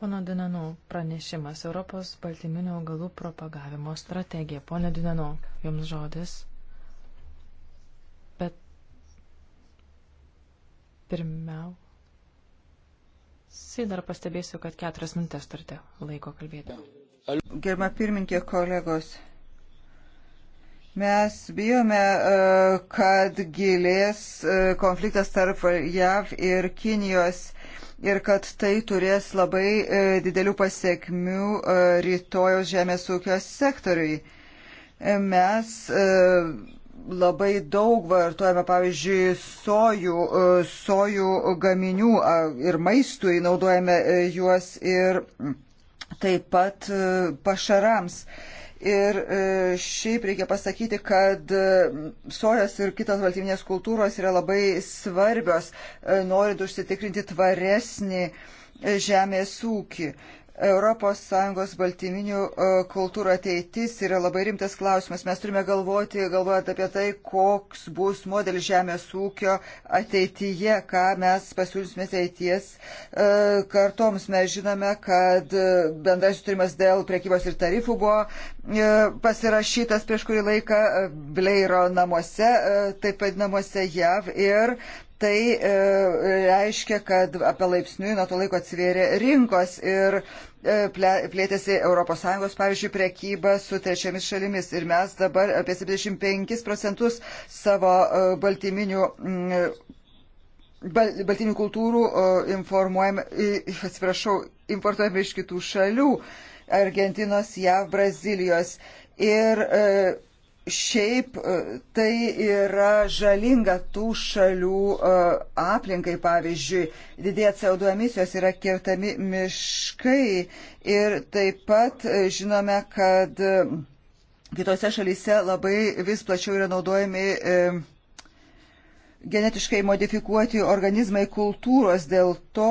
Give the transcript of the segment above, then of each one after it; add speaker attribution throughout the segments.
Speaker 1: Pono Dinanau, pranešimas Europos baltyminio augalų propagavimo strategija. Pone Dinanau, jums žodis. Bet pirmiau. Si, dar pastebėsiu,
Speaker 2: kad keturias minutės turite laiko kalbėti. Germa pirmininkė, kolegos, Mes bijome, e, kad gilės e, konfliktas tarp JAV ir Kinijos ir kad tai turės labai e, didelių pasiekmių e, rytojos žemės ūkio sektoriui. E, mes labai daug vartojame, pavyzdžiui, sojų, sojų gaminių ir maistui naudojame juos ir taip pat pašarams. Ir e, šiaip reikia pasakyti, kad e, sojos ir kitos valstybinės kultūros yra labai svarbios, e, norint užsitikrinti tvaresnį žemės ūkį. ES baltyminių e, kultūrų ateitis yra labai rimtas klausimas. Mes turime galvoti, galvojant apie tai, koks bus modelis žemės ūkio ateityje, ką mes pasiūlysime ateities e, kartoms. Mes žinome, kad bendras sutarimas dėl priekybos ir tarifų buvo e, pasirašytas prieš kurį laiką Bleiro namuose, taip pat namuose JAV ir tai e, reiškia, kad apie laipsniui nuo to laiko atsivėrė rinkos ir e, plėtėsi ES, pavyzdžiui, priekyba su trečiamis šalimis. Ir mes dabar apie 75 procentus savo e, baltyminių. M, mm, Baltinių kultūrų e, informuojame, atsiprašau, importuojame iš kitų šalių - Argentinos, JAV, Brazilijos. Ir e, Šiaip e, tai yra žalinga tų šalių e, aplinkai, pavyzdžiui, didėja CO2 emisijos, yra kirtami miškai ir taip pat e, žinome, kad kitose šalyse labai vis plačiau yra naudojami genetiškai modifikuoti organizmai kultūros, dėl to,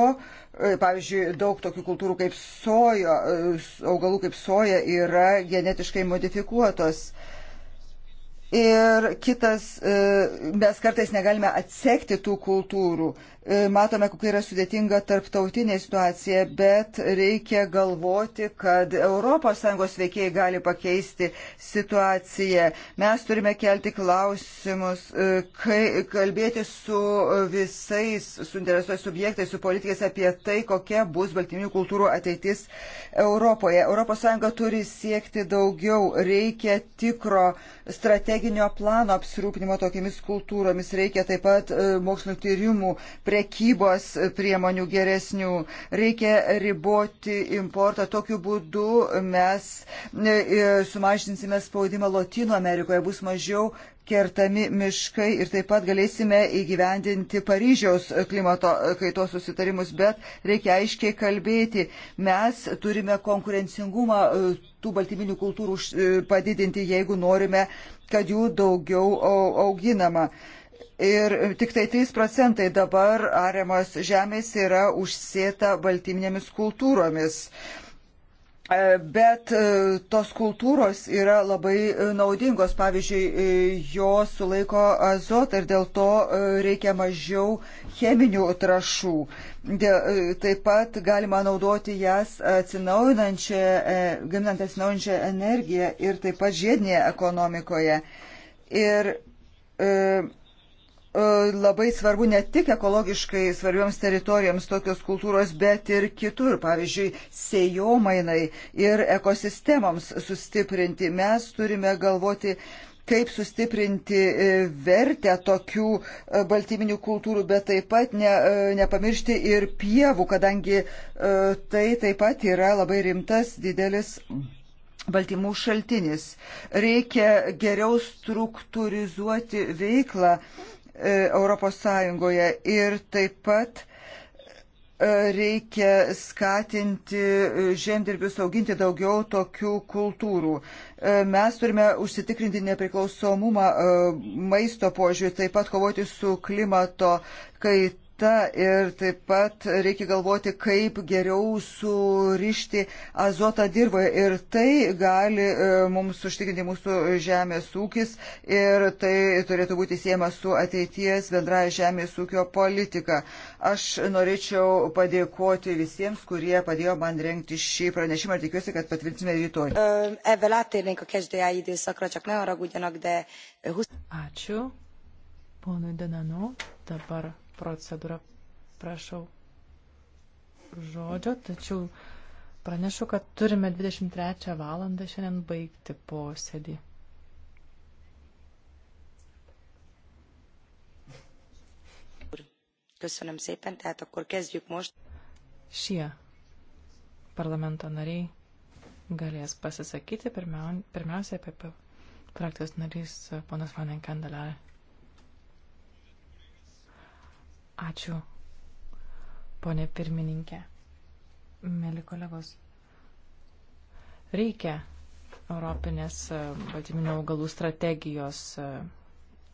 Speaker 2: pavyzdžiui, daug tokių kultūrų kaip sojo, augalų kaip soja yra genetiškai modifikuotos. Ir kitas, e, mes kartais negalime atsekti tų kultūrų. E, matome, kokia yra sudėtinga tarptautinė situacija, bet reikia galvoti, kad ES veikėjai gali pakeisti situaciją. Mes turime kelti klausimus, e, kai, kalbėti su visais suinteresuotais subjektais, su politikais apie tai, kokia bus baltyminių kultūrų ateitis Europoje. ES turi siekti daugiau, reikia tikro strateginio plano apsirūpinimo tokiamis kultūromis, reikia taip pat e, mokslinio tyrimų prie prekybos priemonių geresnių, reikia riboti importą. Tokiu būdu mes e, e, sumažinsime spaudimą Latino Amerikoje, bus mažiau kertami miškai ir taip pat galėsime įgyvendinti Paryžiaus klimato kaitos susitarimus, bet reikia aiškiai kalbėti. Mes turime konkurencingumą e, tų baltyminių kultūrų padidinti, jeigu norime, kad jų daugiau auginama ir tik tai 3 procentai dabar ariamos žemės yra užsėta baltyminėmis kultūromis. E, bet e, tos kultūros yra labai e, naudingos, pavyzdžiui, jos sulaiko azotą ir dėl to reikia mažiau cheminių trašų. Taip pat galima naudoti jas atsinaujinančią, gaminant atsinaujinančią energiją ir taip pat žiedinėje ekonomikoje. Ir E, labai svarbu ne tik ekologiškai svarbioms teritorijoms tokios kultūros, bet ir kitur, pavyzdžiui, sėjomainai ir ekosistemoms sustiprinti. Mes turime galvoti, kaip sustiprinti e, vertę tokių e, baltyminių kultūrų, bet taip pat ne, nepamiršti ir pievų, kadangi tai taip pat yra labai rimtas didelis baltymų šaltinis. Reikia geriau struktūrizuoti veiklą ES ir taip pat e, reikia skatinti e, žemdirbius auginti daugiau tokių kultūrų. E, mes turime užsitikrinti nepriklausomumą maisto požiūrį, taip pat kovoti su klimato kaita nafta ir taip pat reikia galvoti, kaip geriau surišti azotą dirboje. Ir tai gali e, mums užtikrinti mūsų žemės ūkis ir tai turėtų būti siejama su ateities bendraja žemės ūkio politika. Aš norėčiau padėkoti visiems, kurie padėjo man rengti šį pranešimą ir tikiuosi, kad patvirtinsime rytoj.
Speaker 1: Ačiū. Ponui Denanu, dabar procedūra. Prašau žodžio, tačiau pranešu, kad turime 23 valandą šiandien baigti posėdį.
Speaker 3: Köszönöm szépen, tehát akkor kezdjük most.
Speaker 1: Šie parlamento nariai galės pasisakyti pirmiausia apie frakcijos narys ponas Vanen Kandelar. Ačiū, ponė pirmininkė. Mėly kolegos, reikia Europinės e, baltyminio augalų strategijos e,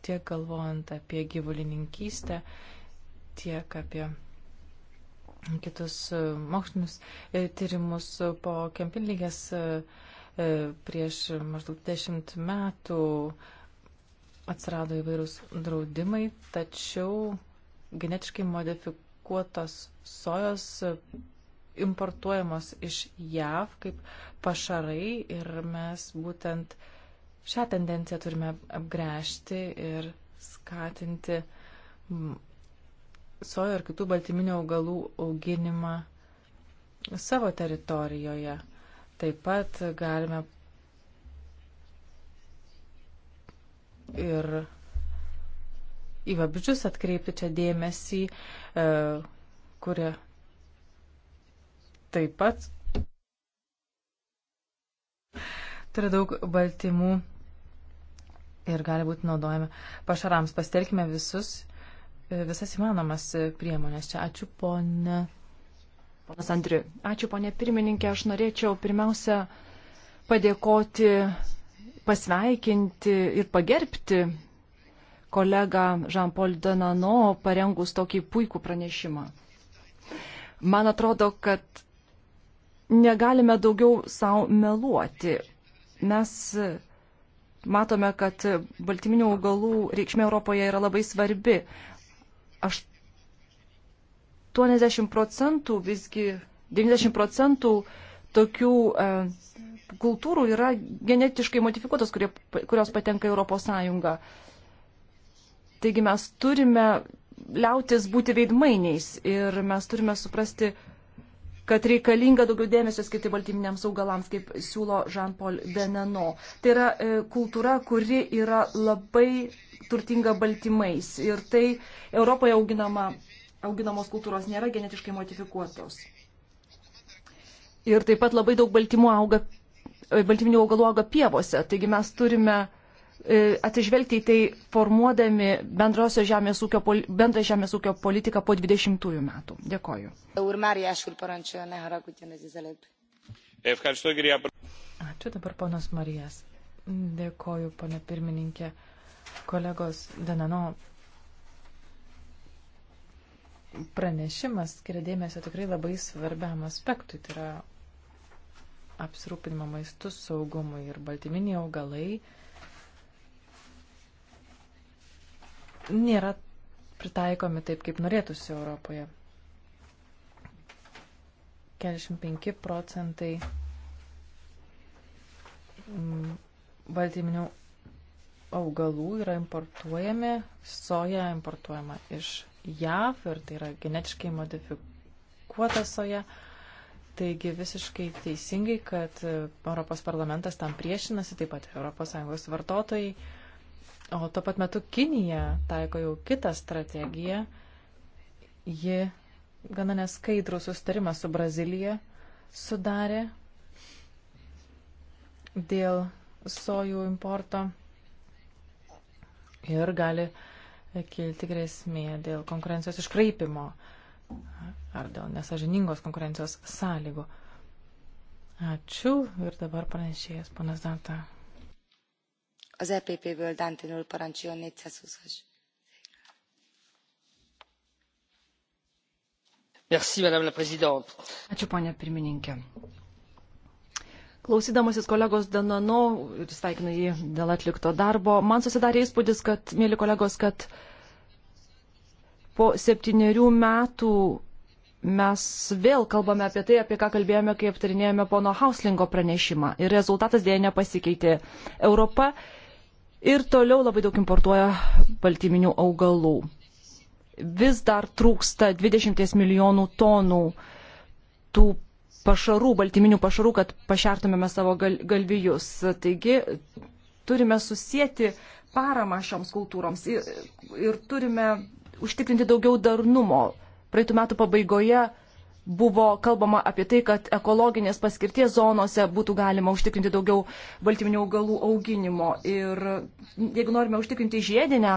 Speaker 1: tiek galvojant apie gyvulininkystę, tiek apie kitus e, mokslinius tyrimus po kempinlygės prieš maždaug dešimt metų atsirado įvairūs draudimai, tačiau genetiškai modifikuotos sojos importuojamos iš JAV kaip pašarai ir mes būtent šią tendenciją turime apgręžti ir skatinti sojo ir kitų baltyminio augalų auginimą savo teritorijoje. Taip pat galime ir į vabžius atkreipti čia dėmesį, e, kurie taip pat turi daug baltymų ir gali būti naudojami pašarams. Pastelkime visus, e, visas įmanomas priemonės. Čia ačiū ponė. Ponas Andriu, ačiū
Speaker 3: ponė pirmininkė. Aš norėčiau pirmiausia padėkoti, pasveikinti ir pagerbti kolegą Jean-Paul Danano parengus tokį puikų pranešimą. Man atrodo, kad negalime daugiau savo meluoti. Mes matome, kad baltyminių augalų reikšmė Europoje yra labai svarbi. 80 procentų visgi, 90 procentų tokių e, kultūrų yra genetiškai modifikuotos, kurie, kurios patenka Europos Sąjungą. E, Taigi mes turime liautis būti veidmainiais ir mes turime suprasti, kad reikalinga daugiau dėmesio skirti baltyminiams augalams, kaip siūlo Jean-Paul Veneno. Tai yra e, kultūra, kuri yra labai turtinga baltymais ir tai Europoje auginama, auginamos kultūros nėra genetiškai modifikuotos. Ir taip pat labai daug baltymų auga, e, baltyminių augalų auga pievose, taigi mes turime E, atsižvelgti į tai formuodami bendrosios žemės ūkio, bendrą žemės ūkio politiką po 20 metų. Dėkoju. Ačiū dabar ponas Marijas.
Speaker 1: Dėkoju, ponė pirmininkė. Kolegos Danano pranešimas skiria dėmesio tikrai labai svarbiam aspektui, tai yra apsirūpinimo maistu saugumui ir baltyminiai augalai nėra pritaikomi taip, kaip norėtųsi Europoje. 45 procentai mm, baltyminių augalų yra importuojami, soja importuojama iš JAV ir tai yra genetiškai modifikuota soja. Taigi visiškai teisingai, kad Europos parlamentas tam priešinasi, taip pat ES vartotojai O tuo pat metu Kinija taiko jau kitą strategiją. Ji gana neskaidrų sustarimą su Brazilija sudarė dėl sojų importo ir gali kilti grėsmė dėl konkurencijos iškraipimo ar dėl nesažiningos konkurencijos sąlygų. Ačiū ir dabar pranešėjas, panas Danta
Speaker 3: az epp ből dantin úr parancsoljon négyszázhúszas. ačiū pone pirmininke klausydamasis kolegos danano ir sveikinu jį dėl atlikto darbo man susidarė įspūdis kad mieli kolegos kad po septynerių metų mes vėl kalbame apie tai, apie ką kalbėjome, kai aptarinėjome pono Hauslingo pranešimą. Ir rezultatas dėja nepasikeitė. Europa ir toliau labai daug importuoja baltyminių augalų. Vis dar trūksta 20 milijonų tonų tų pašarų, baltyminių pašarų, kad pašertumėme savo gal, galvijus. Taigi turime susijęti paramą šioms kultūroms ir, ir turime užtikrinti daugiau darnumo. Praeitų metų pabaigoje buvo kalbama apie tai, kad ekologinės paskirties zonose būtų galima užtikrinti daugiau baltyminių augalų auginimo. Ir jeigu norime užtikrinti žiedinę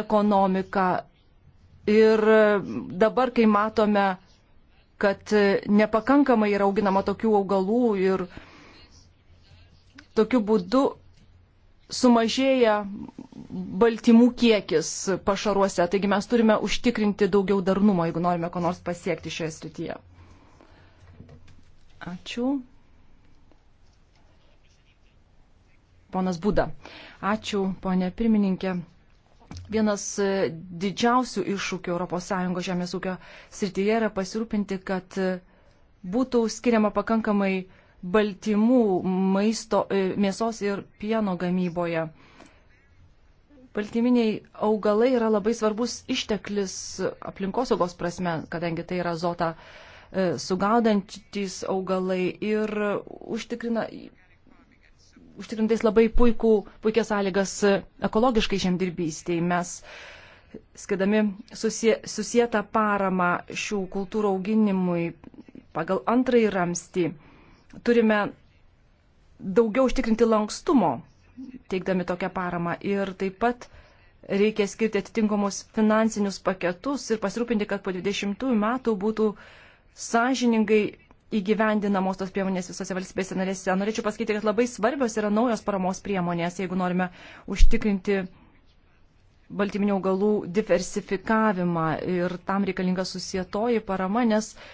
Speaker 3: ekonomiką ir dabar, kai matome, kad nepakankamai yra auginama tokių augalų ir tokiu būdu sumažėja baltymų kiekis pašaruose, taigi mes turime užtikrinti daugiau darnumo, jeigu norime ko nors pasiekti šioje srityje. Ačiū. Ponas Būda. Ačiū, ponė pirmininkė. Vienas didžiausių iššūkių ES žemės ūkio srityje yra pasirūpinti, kad būtų skiriama pakankamai uh, baltymų maisto, e, mėsos ir pieno gamyboje. Baltyminiai augalai yra labai svarbus išteklis aplinkosaugos prasme, kadangi tai yra azotą e, sugaudantis augalai ir užtikrina, užtikrintais labai puikų, puikias sąlygas ekologiškai žemdirbystėj. Mes skidami susie, susietą paramą šių kultūrų auginimui pagal antrąjį ramstį turime daugiau užtikrinti lankstumo, teikdami tokią paramą. Ir taip pat reikia skirti atitinkamus finansinius paketus ir pasirūpinti, kad po 20 metų būtų sąžiningai įgyvendinamos tos priemonės visose valstybėse narėse. Norėčiau pasakyti, kad labai svarbios yra naujos paramos priemonės, jeigu norime užtikrinti baltyminių augalų diversifikavimą ir tam reikalinga susietoji parama, nes uh,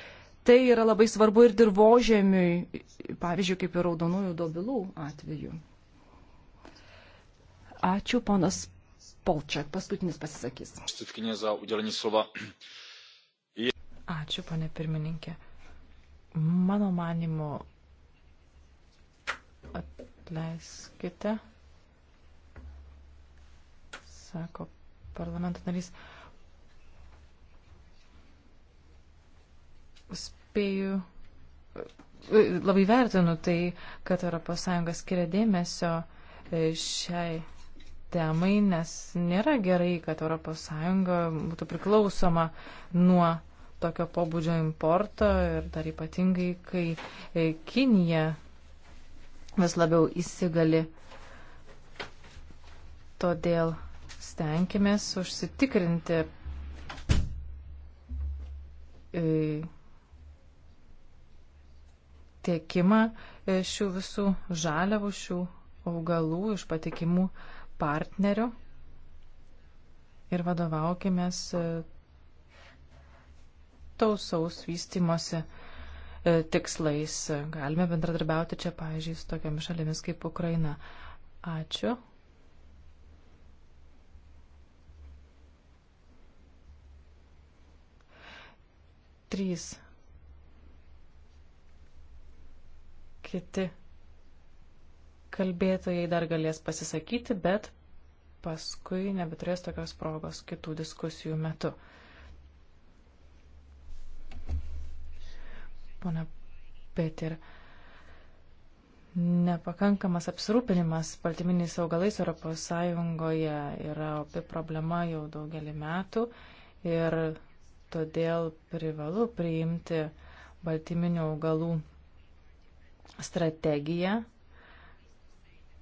Speaker 3: Tai yra labai svarbu ir dirbožėmiui, pavyzdžiui, kaip ir raudonųjų dobilų atveju. Ačiū, ponas Polčiak, paskutinis pasisakys. Ačiū, ponė pirmininkė. Mano
Speaker 1: manimo, atleiskite, sako parlamento narys, spėju, e, labai vertinu tai, kad ES skiria dėmesio e, šiai temai, nes nėra gerai, kad ES būtų priklausoma nuo tokio pobūdžio importo ir dar ypatingai, kai e, Kinija vis labiau įsigali. Todėl stenkimės užsitikrinti tiekimą e, šių visų žaliavų, šių augalų iš patikimų partnerių ir vadovaukimės e, tausaus vystimosi e, tikslais. Galime bendradarbiauti čia, pavyzdžiui, su tokiamis šalimis kaip Ukraina. Ačiū. Trys Kiti kalbėtojai dar galės pasisakyti, bet paskui nebeturės tokios progos kitų diskusijų metu. Pone Petir, nepakankamas apsirūpinimas baltyminiais augalais ES yra opi problema jau daugelį metų ir todėl privalu priimti baltyminių augalų strategiją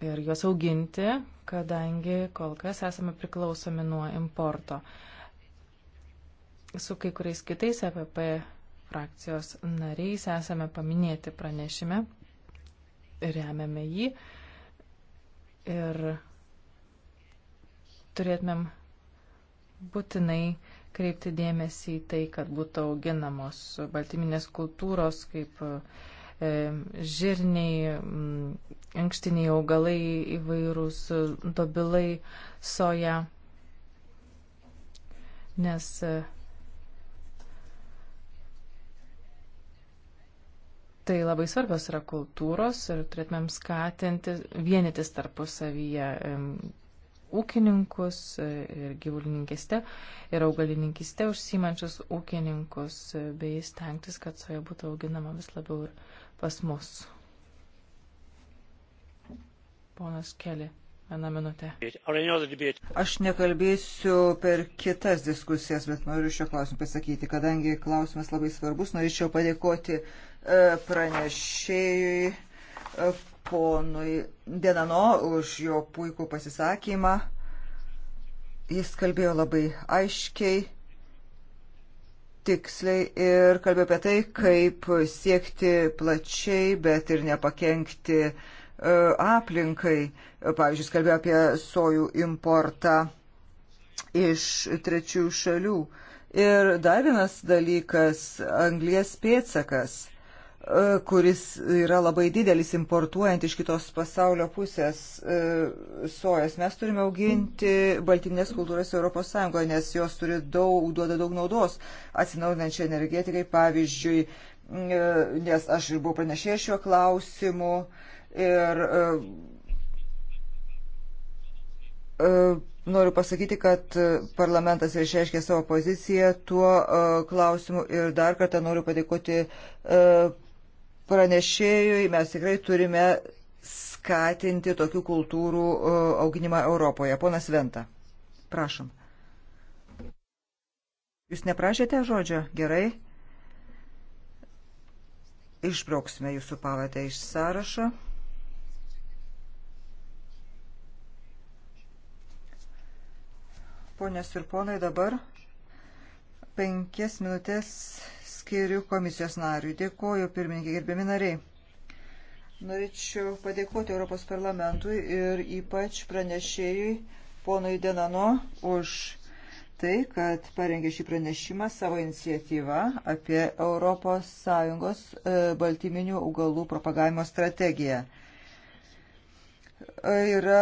Speaker 1: ir juos auginti, kadangi kol kas esame priklausomi nuo importo. Su kai kuriais kitais EPP frakcijos nariais esame paminėti pranešime, remiame jį ir turėtumėm būtinai kreipti dėmesį į tai, kad būtų auginamos baltyminės kultūros kaip uh, E, žirniai, ankštiniai augalai įvairūs, e, dobilai, soja. Nes e, tai labai svarbios yra kultūros ir turėtumėm skatinti vienytis tarpusavyje ūkininkus ir gyvulininkiste ir augalininkiste užsimančius ūkininkus bei stengtis, kad soja būtų auginama vis labiau ir
Speaker 2: pas mus.
Speaker 1: Ponas Keli. Vieną minutę.
Speaker 2: Aš nekalbėsiu per kitas diskusijas, bet noriu šio klausimu pasakyti, kadangi klausimas labai svarbus, norėčiau padėkoti e, pranešėjui e, ponui Denano už jo puikų pasisakymą. Jis kalbėjo labai aiškiai tiksliai ir kalbėjo apie tai, kaip siekti plačiai, bet ir nepakenkti e, aplinkai. Pavyzdžiui, kalbėjo apie sojų importą iš trečių šalių. Ir dar vienas dalykas - anglies pėtsakas. E, kuris yra labai didelis importuojant iš kitos pasaulio pusės e, sojas. Mes turime auginti baltinės kultūras ES, nes jos turi daug, duoda daug naudos atsinaudinančiai energetikai, pavyzdžiui, e, nes aš ir buvau pranešėjęs šiuo klausimu. Ir, Noriu pasakyti, kad parlamentas išreiškė savo poziciją tuo klausimu ir dar kartą noriu padėkoti pranešėjui mes tikrai turime skatinti tokių kultūrų e, auginimą Europoje. Ponas Venta, prašom. Jūs neprašėte žodžio? Gerai. Išbrauksime jūsų pavardę iš sąrašo. Ponės ir ponai, dabar penkias minutės skiriu komisijos nariui. Dėkoju, pirmininkai, gerbiami nariai. Norėčiau padėkoti Europos parlamentui ir ypač pranešėjui ponui Denano už tai, kad parengė šį pranešimą savo iniciatyvą apie ES e, baltyminių augalų propagavimo strategiją yra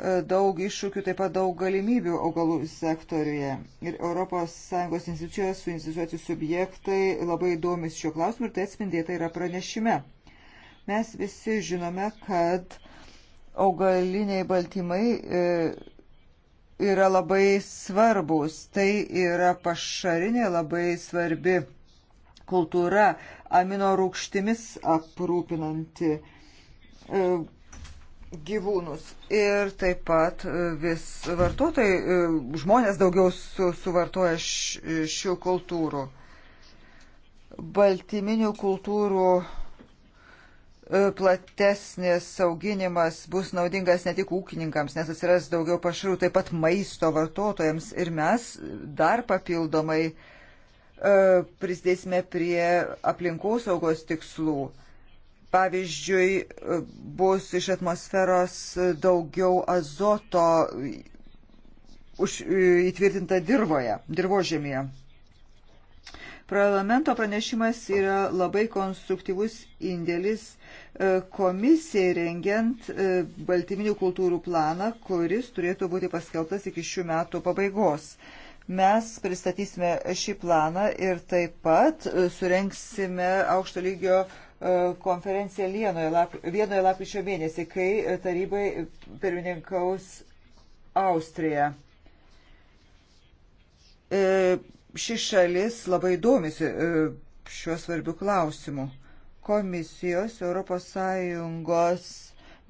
Speaker 2: e, daug iššūkių, taip pat daug galimybių augalų sektoriuje. Ir ES institucijos, suinstituoti subjektai labai įdomis šiuo klausimu ir tai atspindėta yra pranešime. Mes visi žinome, kad augaliniai baltymai e, yra labai svarbus. Tai yra pašarinė labai svarbi kultūra, amino rūkštimis aprūpinanti e, gyvūnus. Ir taip pat e, vis vartotojai, e, žmonės daugiau su, suvartoja š, e, šių kultūrų. Baltyminių kultūrų platesnis sauginimas bus naudingas ne tik ūkininkams, nes atsiras daugiau pašarų, taip pat maisto vartotojams ir mes dar papildomai prisidėsime prie aplinkosaugos tikslų pavyzdžiui, bus iš atmosferos daugiau azoto už, įtvirtinta dirboje, dirbožėmėje. Parlamento pranešimas yra labai konstruktyvus indėlis e, komisijai rengiant e, baltyminių kultūrų planą, kuris turėtų būti paskelbtas iki šių metų pabaigos mes pristatysime šį planą ir taip pat e, surenksime aukšto lygio E, konferenciją Lienoje, lap, vienoje lapkričio mėnesį, kai tarybai pirmininkaus Austrija. E, ši šalis labai domisi e, šiuo svarbiu klausimu. Komisijos ES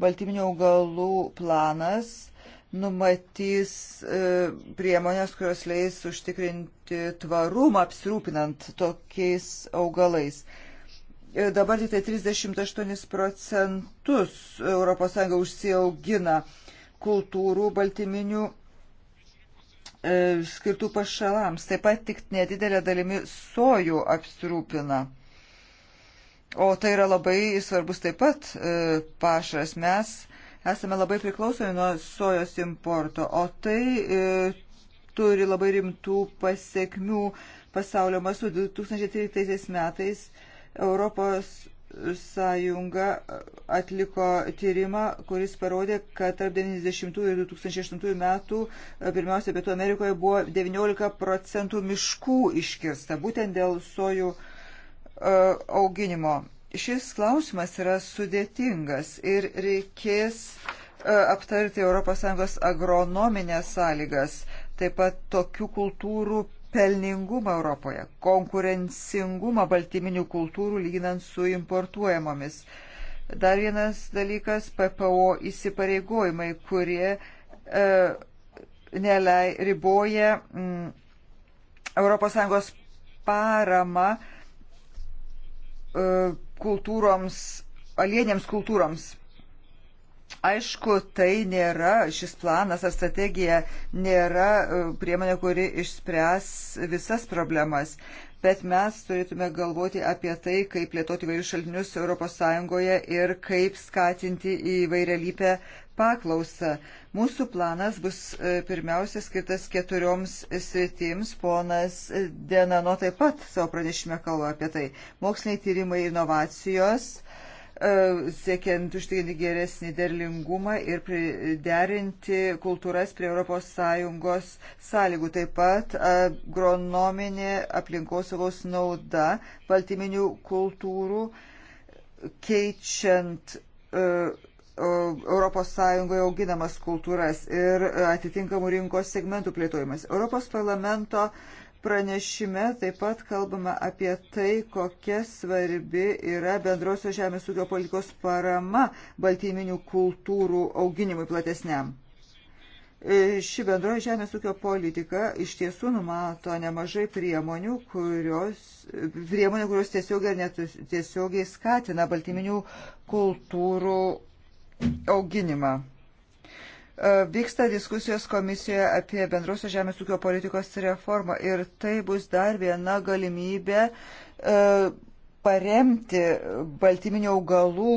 Speaker 2: baltyminių augalų planas numatys e, priemonės, kurios leis užtikrinti tvarumą apsirūpinant tokiais augalais. E, E, dabar tik tai 38 procentus ES užsiaugina kultūrų baltyminių e, skirtų pašalams. Taip pat tik nedidelė dalimi sojų apsirūpina. O tai yra labai svarbus taip pat e, pašas. Mes esame labai priklausomi nuo sojos importo, o tai turi labai rimtų pasiekmių pasaulio masu. 2013 metais Europos sąjunga atliko tyrimą, kuris parodė, kad tarp 90 ir 2008 metų e, pirmiausia Pietų Amerikoje buvo 19 procentų miškų iškirsta būtent dėl sojų e, auginimo. Šis klausimas yra sudėtingas ir reikės e, aptarti ES agronominės sąlygas, taip pat tokių kultūrų pelningumą Europoje, konkurencingumą baltyminių kultūrų lyginant su importuojamomis. Dar vienas dalykas - PPO įsipareigojimai, kurie e, nelei riboja mm, ES paramą e, kultūroms, alienėms kultūroms. Aišku, tai nėra, šis planas ar strategija nėra e, priemonė, kuri išspręs visas problemas, bet mes turėtume galvoti apie tai, kaip plėtoti įvairius šaltinius ES ir kaip skatinti įvairialypę paklausą. Mūsų planas bus e, pirmiausia skirtas keturioms sritims, ponas Denano taip pat savo pranešime kalba apie tai. Moksliniai tyrimai, inovacijos E, siekiant užtikrinti geresnį derlingumą ir derinti kultūras prie ES sąlygų. Taip pat agronominė aplinkosaugos nauda baltyminių kultūrų keičiant e, ES auginamas kultūras ir atitinkamų rinkos segmentų plėtojimas. Europos parlamento uh, Pranešime taip pat kalbama apie tai, kokia svarbi yra bendrosios žemės ūkio politikos parama baltyminių kultūrų auginimui platesniam. E, ši bendroji žemės ūkio politika iš tiesų numato nemažai priemonių, kurios, priemonių, kurios tiesiogiai ar netiesiogiai skatina baltyminių kultūrų auginimą. E, vyksta diskusijos komisijoje apie bendrosios žemės ūkio politikos reformą ir tai bus dar viena galimybė e, paremti baltyminio augalų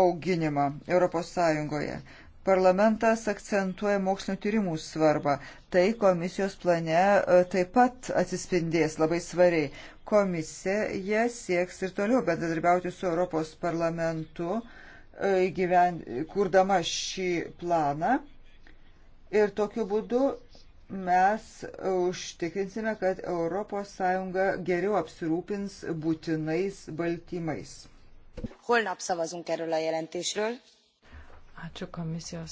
Speaker 2: auginimą ES. Parlamentas akcentuoja mokslinio tyrimų svarbą. Tai komisijos plane e, taip pat atsispindės labai svariai. Komisija sieks ir toliau bendradarbiauti su Europos parlamentu uh, gyven, kurdama šį planą. Ir tokiu būdu mes užtikrinsime, kad ES geriau apsirūpins būtinais baltymais. Holnap szavazunk erről a jelentésről.
Speaker 1: Ačiū komisijos